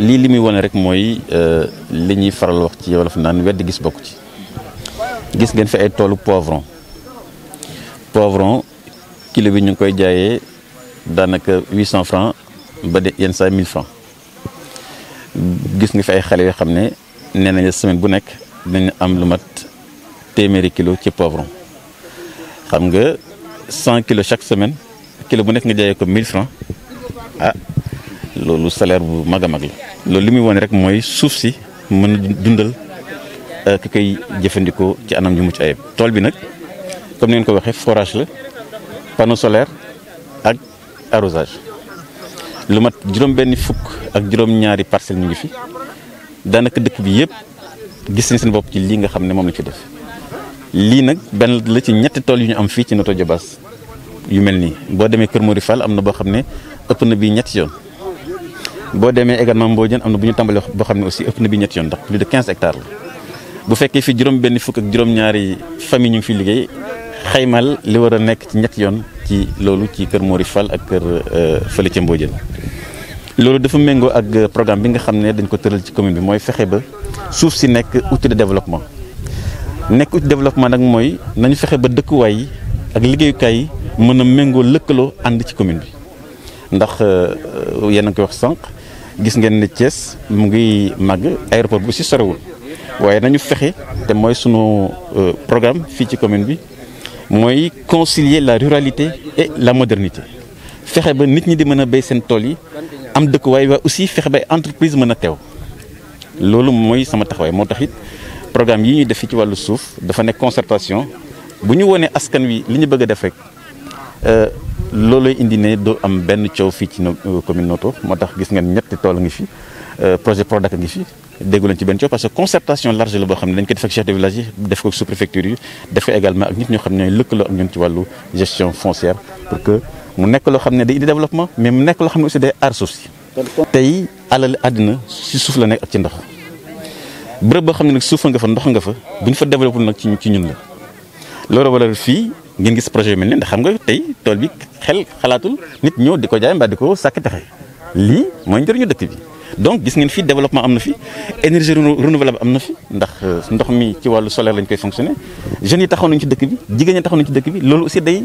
lii li muy wane rek mooy euh, li ñuy faral wax ci wolof naan wedd gis bokk ci gis ngeen fi ay toolu poivron poivron kilo bi ñu ngi koy jaayee daanaka 800 francs ba de yenn saa 1000 francs gis nga fi ay xale yoo xam ne nee nañ semaine bu nekk dinañ am lu mat téeméeri kilo ci poivron xam nga 100 kilos chaque semaine kilo bu nekk nga jaayee ko 1000 francs ah loolu salaire bu mag a mag la loolu li muy wone rek mooy suuf si mën dundal euh, ki koy jëfandikoo ci anam ñu mucc ayib tool bi nag comme ni ngeen ko waxee forage la panneau solaire ak arrosage lu mat juróom-benn fukk ak juróom-ñaari parcelle ñu ngi fi daanaka dëkk bi yëpp gis ni seen bopp ci lii nga xam ne moom la ci def lii nag benn la ci ñetti tool yu ñu am fii ci Notto Diobass yu mel nii boo demee Kër moo di Fall am na boo xam ne ëpp na bii ñetti yoon. boo demee également Mbodiène am na bu ñu tàmbalee boo xam ne aussi ëpp na bi ñetti yoon ndax plus de 15 hectares bu fekkee fi juróom benn fukk ak juróom-ñaari famille ñu ngi fi liggéey xaymal li war a nekk ci ñetti yoon ci loolu ci kër Mori fal ak kër euh, fële ca Mbodiène loolu dafa méngoo ak euh, programme bi nga xam ne dañ ko tëral ci commune bi mooy fexe ba suuf si nekk outil de développement nekk outil développement nag mooy nañu fexe ba dëkkuwaay yi ak liggéeyukaay yi mën a méngoo lëkkaloo ànd ci commune bi ndax euh, yéen a koy wax sànq gis ngeen ne Thiès mu ngi màgg aéroport bu aussi sorewul waaye nañu fexe te mooy sunu euh, programme fii ci commune bi mooy concilier la ruralité et la modernité fexe ba nit ñi di mën a béy seen tool yi am dëkkuwaay waaye aussi fexe ba entreprise mën a teew loolu mooy sama taxawaay moo tax it programme yi ñuy def ci wàllu suuf dafa nekk concertation bu ñu wonee askan wi li ñu bëgg a def rek euh, loolooy indi ne doo am ben ciow fi ci euh, commune Noto motax gis ngeen ñetti tool ngi fi euh projet Prodac ngi fi déggu leen ci ben ciow parce que concertation large la boo xam dañ ko def ak chef de village def ko sous préfecture yi def ko également ak nit ñoo xamné lekk lo ak ñun ci walu gestion foncière pour que mu nekk lo xamné day indi développement mais mu nekk lo xamné aussi day aar suuf si. tey alal adina ci suuf la nekk ak ci ndox bërëb boo xamné ne nag suuf nga fa ndox nga fa buñ fa développer nak ci ñun la loolu wala fi ngeen gis projet bi mel ne ndax xam nga tey tool bi xel xalaatul nit ñëw di ko jaay mbaa di ko sàkk pexe lii mooy njëriñu dëkk bi. donc gis ngeen fi développement am na fi énergie renouvelable am na fi ndax euh, ndox mi ci wàllu solaire lañ koy fonctionner jeunes yi taxaw nañ ci dëkk bi jigéen ñi taxaw nañ ci dëkk bi loolu aussi day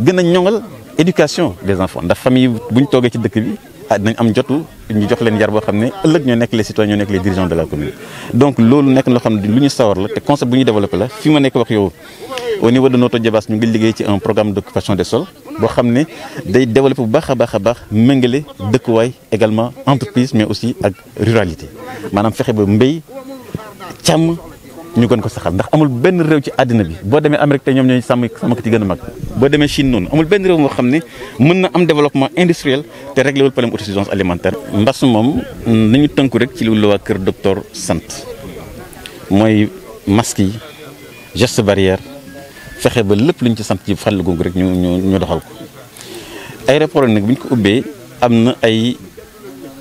gën a ñoŋal éducation des enfants ndax famille bu ñu toogee ci dëkk bi ah dinañ am jotu ñu jox leen yar boo xam ne ëllëg ñoo nekk les citoyens ñoo nekk les dirigeants de la commune. donc loolu nekk loo xam ne lu ñu sawar la te concept bu ñu développé la fi ma nekk wax yow au niveau de notre Diobass ñu ngi liggéey ci un programme d'occupation des sols bo xamné day développer bu baax a baax a baax méngale également entreprise mais aussi ak ruralité manam fexé ba mbey cham ñu gën ko saxal ndax amul benn réew ci àddina bi boo demee Amérique te ñoom ñooy sàmm sàmmkat yi gën a mag boo demee Chine noonu amul benn réew moo xam ne mën na am développement industriel te réglé wul problème autosuffisance alimentaire. mbas moom nañu tënku rek ci lu la kër docteur sant mooy masque yi geste barrière. fexe ba lépp luñ ci sant ci fànn googu rek ñu ñu ñu doxal ko aéroport nag bu ñu ko ubbee am na ay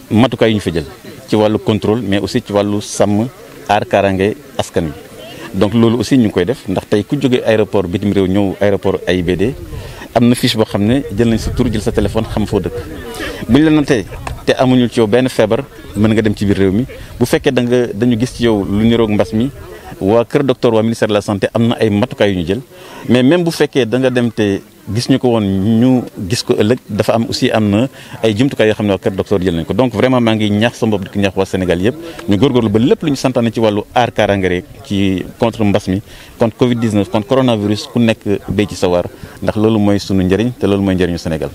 matukaay yu ñu fa jël ci wàllu contrôle mais aussi ci wàllu sàmm aar kaaraange askan wi. donc loolu aussi ñu ngi koy def ndax tey ku jógee aéroport bitim réew ñëw ay AIBD am na fiche boo xam ne jël nañ sa tur jël sa téléphone xam foo dëkk bu ñu na tey te amuñu ci yow benn feebar mën nga dem ci biir réew mi bu fekkee da nga dañu gis ci yow lu mbas mi. waa kër docteur waa ministère de la santé am na ay matukaay ñu jël mais même bu fekkee da nga dem te gis ñu ko woon ñu gis ko ëllëg dafa am aussi am na ay jumtukaay yoo xam ne waa docteur jël nañ ko donc vraiment maa ngi ñaax sama bopp di ko ñaax waa Sénégal yëpp ñu góorgóorlu ba lépp lu ñu santaane ci wàllu aar kaaraange rek contre mbas mi contre Covid 19 contre coronavirus ku nekk béy ci sa waar ndax loolu mooy sunu njëriñ te loolu mooy njëriñu Sénégal.